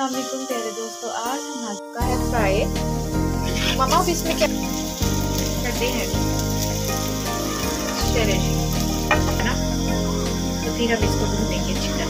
असलम प्यारे दोस्तों आज हम हल्का है फ्राई मामा अब इसमें क्या करते हैं चले जी है ना तो फिर हम इसको भूनेंगे अच्छी तरह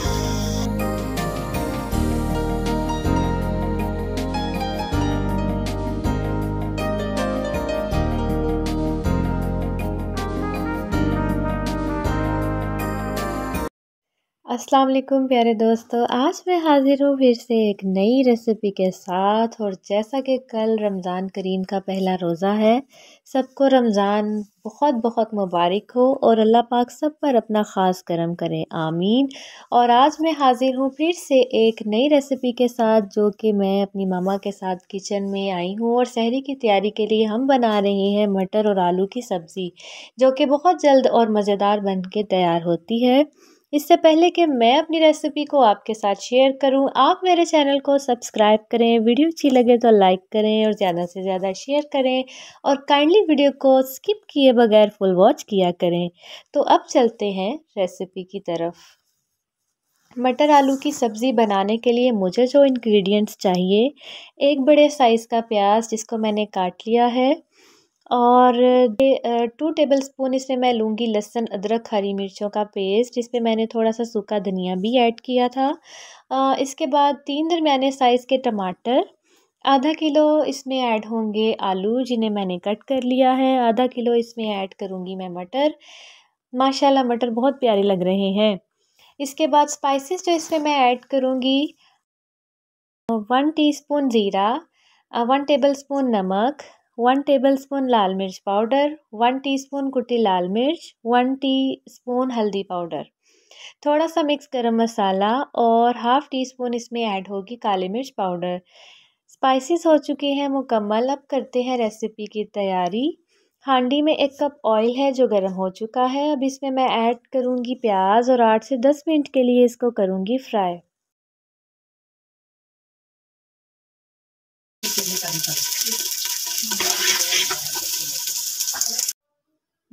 अस्सलाम वालेकुम प्यारे दोस्तों आज मैं हाज़िर हूँ फिर से एक नई रेसिपी के साथ और जैसा कि कल रमज़ान करीम का पहला रोज़ा है सबको रमज़ान बहुत बहुत मुबारक हो और अल्लाह पाक सब पर अपना ख़ास करम करे आमीन और आज मैं हाज़िर हूँ फिर से एक नई रेसिपी के साथ जो कि मैं अपनी मामा के साथ किचन में आई हूँ और शहरी की तैयारी के लिए हम बना रहे हैं मटर और आलू की सब्ज़ी जो कि बहुत जल्द और मज़ेदार बन के तैयार होती है इससे पहले कि मैं अपनी रेसिपी को आपके साथ शेयर करूं आप मेरे चैनल को सब्सक्राइब करें वीडियो अच्छी लगे तो लाइक करें और ज़्यादा से ज़्यादा शेयर करें और काइंडली वीडियो को स्किप किए बगैर फुल वॉच किया करें तो अब चलते हैं रेसिपी की तरफ मटर आलू की सब्ज़ी बनाने के लिए मुझे जो इंग्रेडिएंट्स चाहिए एक बड़े साइज़ का प्याज जिसको मैंने काट लिया है और टू टेबल स्पून इसमें मैं लूँगी लहसन अदरक हरी मिर्चों का पेस्ट इस पर मैंने थोड़ा सा सूखा धनिया भी ऐड किया था इसके बाद तीन दरमियाने साइज़ के टमाटर आधा किलो इसमें ऐड होंगे आलू जिन्हें मैंने कट कर लिया है आधा किलो इसमें ऐड करूँगी मैं मटर माशाल्लाह मटर बहुत प्यारे लग रहे हैं इसके बाद स्पाइसेस जो इसमें मैं ऐड करूँगी वन टीस्पून ज़ीरा वन टेबल स्पून नमक वन टेबल स्पून लाल मिर्च पाउडर वन टीस्पून कुटी लाल मिर्च वन टीस्पून हल्दी पाउडर थोड़ा सा मिक्स गरम मसाला और हाफ़ टी स्पून इसमें ऐड होगी काली मिर्च पाउडर स्पाइसेस हो चुके हैं मुकम्मल अब करते हैं रेसिपी की तैयारी हांडी में एक कप ऑयल है जो गर्म हो चुका है अब इसमें मैं ऐड करूँगी प्याज और आठ से दस मिनट के लिए इसको करूँगी फ्राई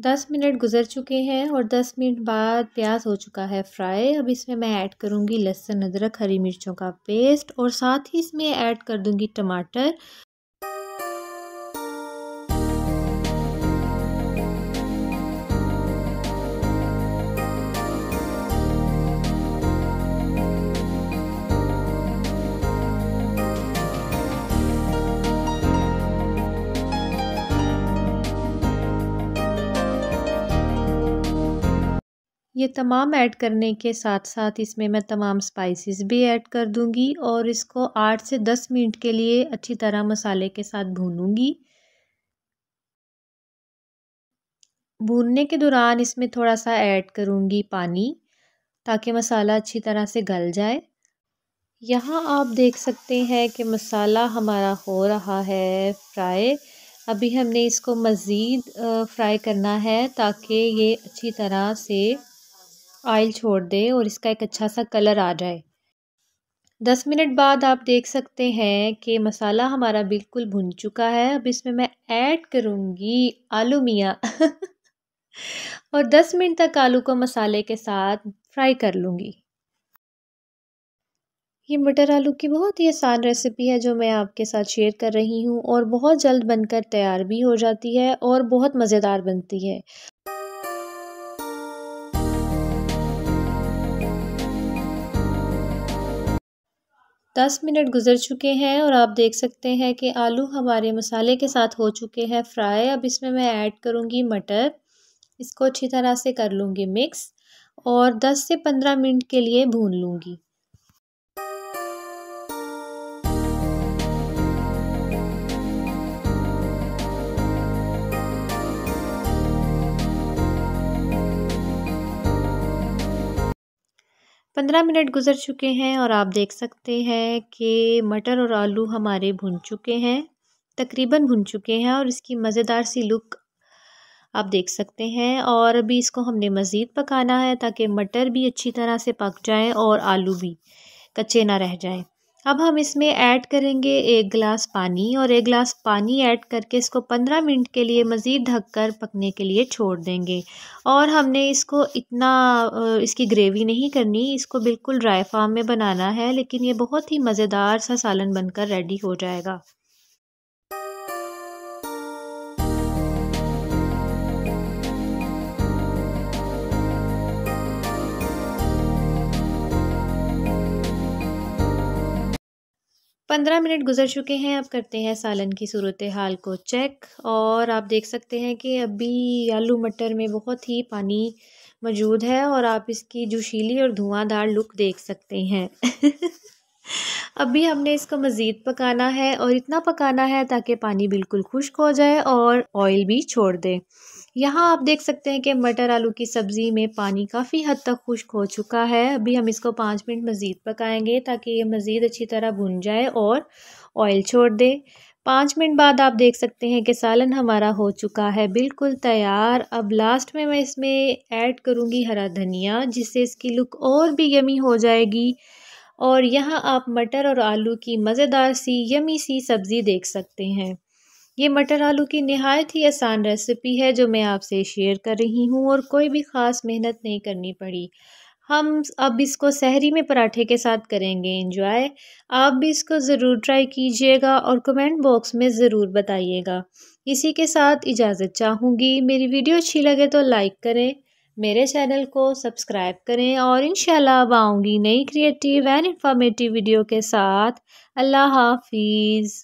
दस मिनट गुजर चुके हैं और दस मिनट बाद प्याज हो चुका है फ्राई अब इसमें मैं ऐड करूंगी लहसुन अदरक हरी मिर्चों का पेस्ट और साथ ही इसमें ऐड कर दूंगी टमाटर ये तमाम ऐड करने के साथ साथ इसमें मैं तमाम स्पाइसेस भी ऐड कर दूंगी और इसको आठ से दस मिनट के लिए अच्छी तरह मसाले के साथ भूनूंगी भूनने के दौरान इसमें थोड़ा सा ऐड करूंगी पानी ताकि मसाला अच्छी तरह से गल जाए यहाँ आप देख सकते हैं कि मसाला हमारा हो रहा है फ्राई अभी हमने इसको मज़ीद फ्राई करना है ताकि ये अच्छी तरह से ऑयल छोड़ दे और इसका एक अच्छा सा कलर आ जाए दस मिनट बाद आप देख सकते हैं कि मसाला हमारा बिल्कुल भुन चुका है अब इसमें मैं ऐड करूँगी आलू मियाँ और दस मिनट तक आलू को मसाले के साथ फ्राई कर लूँगी ये मटर आलू की बहुत ही आसान रेसिपी है जो मैं आपके साथ शेयर कर रही हूँ और बहुत जल्द बनकर तैयार भी हो जाती है और बहुत मज़ेदार बनती है दस मिनट गुजर चुके हैं और आप देख सकते हैं कि आलू हमारे मसाले के साथ हो चुके हैं फ्राई अब इसमें मैं ऐड करूँगी मटर इसको अच्छी तरह से कर लूँगी मिक्स और 10 से 15 मिनट के लिए भून लूँगी पंद्रह मिनट गुजर चुके हैं और आप देख सकते हैं कि मटर और आलू हमारे भुन चुके हैं तकरीबन भुन चुके हैं और इसकी मज़ेदार सी लुक आप देख सकते हैं और अभी इसको हमने मज़ीद पकाना है ताकि मटर भी अच्छी तरह से पक जाए और आलू भी कच्चे ना रह जाए अब हम इसमें ऐड करेंगे एक गिलास पानी और एक गिलास पानी ऐड करके इसको पंद्रह मिनट के लिए मज़ीद ढक कर पकने के लिए छोड़ देंगे और हमने इसको इतना इसकी ग्रेवी नहीं करनी इसको बिल्कुल ड्राई फार्म में बनाना है लेकिन ये बहुत ही मज़ेदार सा सालन बनकर रेडी हो जाएगा पंद्रह मिनट गुजर चुके हैं अब करते हैं सालन की सूरत हाल को चेक और आप देख सकते हैं कि अभी आलू मटर में बहुत ही पानी मौजूद है और आप इसकी जोशीली और धुआंधार लुक देख सकते हैं अभी हमने इसको मज़ीद पकाना है और इतना पकाना है ताकि पानी बिल्कुल खुश्क हो जाए और ऑयल भी छोड़ दे यहाँ आप देख सकते हैं कि मटर आलू की सब्ज़ी में पानी काफ़ी हद तक खुश्क हो चुका है अभी हम इसको पाँच मिनट मज़ीद पकाएंगे ताकि ये मज़ीद अच्छी तरह भुन जाए और ऑयल छोड़ दे पाँच मिनट बाद आप देख सकते हैं कि सालन हमारा हो चुका है बिल्कुल तैयार अब लास्ट में मैं इसमें ऐड करूँगी हरा धनिया जिससे इसकी लुक और भी यमी हो जाएगी और यहाँ आप मटर और आलू की मज़ेदार सी यमी सी सब्ज़ी देख सकते हैं ये मटर आलू की नहायत ही आसान रेसिपी है जो मैं आपसे शेयर कर रही हूँ और कोई भी ख़ास मेहनत नहीं करनी पड़ी हम अब इसको सहरी में पराठे के साथ करेंगे इंजॉय आप भी इसको ज़रूर ट्राई कीजिएगा और कमेंट बॉक्स में ज़रूर बताइएगा इसी के साथ इजाज़त चाहूँगी मेरी वीडियो अच्छी लगे तो लाइक करें मेरे चैनल को सब्सक्राइब करें और इन अब आऊँगी नई क्रिएटिव एंड इंफॉर्मेटिव वीडियो के साथ अल्लाह हाफिज़